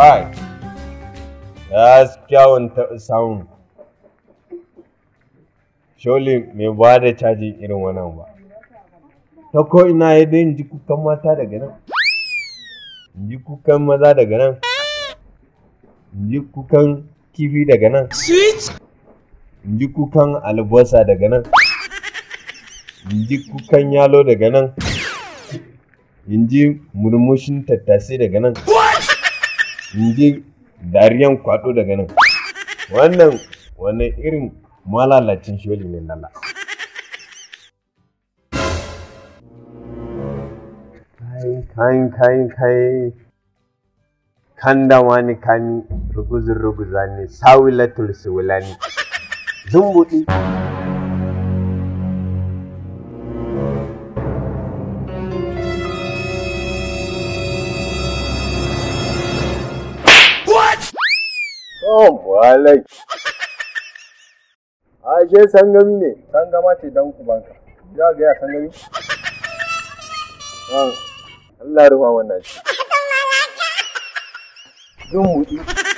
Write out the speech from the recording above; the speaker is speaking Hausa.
Kai, kyawun samun. Sholi mai ba da caji irin wannan ba. Ta ko ina ya dai ji kukan mata daga nan. Ji kukan maza daga nan. Ji kukan kifi daga nan. Sweet! Ji kukan albasa daga nan. Ji kukan yalo daga nan. in ji murmushin tattasai daga nan in ji dariyan kwaɗo daga nan wannan wani irin malalacin sholi ne lalla kayan kayan kayan kan kanda wani kani ruguzin ruguza ne sawilatul siwilani zumbuɗi Yawwa Alex. je ah, sangami ne. Sangama ce dan banka. Za ga ah, ya sangami? Allah ruwa wannan shi. Jin